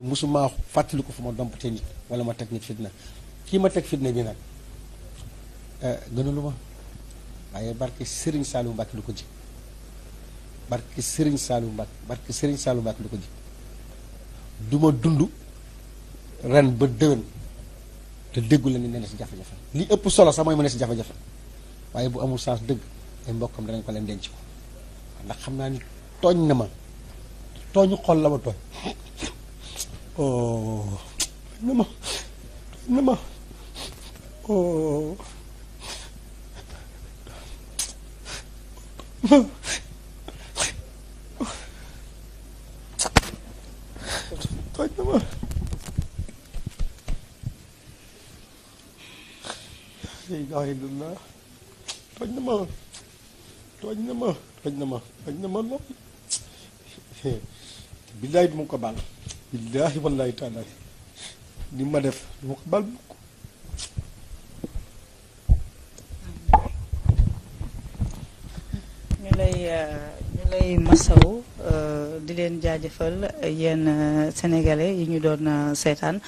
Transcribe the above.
musuma fàttali ko fu ma dompte nit wala ma teg nit fitna kii ma teg fitna bi nag eh, gënalu ma waaye barke Serigne Saliou Mbacke lu ko ji barke Serigne Saliou Mbacke barke Serigne Saliou Mbacke lu ko ji du ma dund ren ba déwén te déggu lañu ni ne si jafe-jafe li ëpp solo sax mooy si jafe-jafe waaye bu amul sens dëgg ay mbokkam danañ ko leen denc ko ndax xam naa ni tooñ na ma tooñu xol la ma tooñ 어, 너무, 너무, 어, 너무, ilahe illallah toj na ma toj na ma toj na ma toj na ma lool billaay du ma ko baal billaahi wallaahi taala li ma def ñu lay ñu euh, di leen jaajëfal yenn euh, sénégalais yi ñu doon euh, seetaan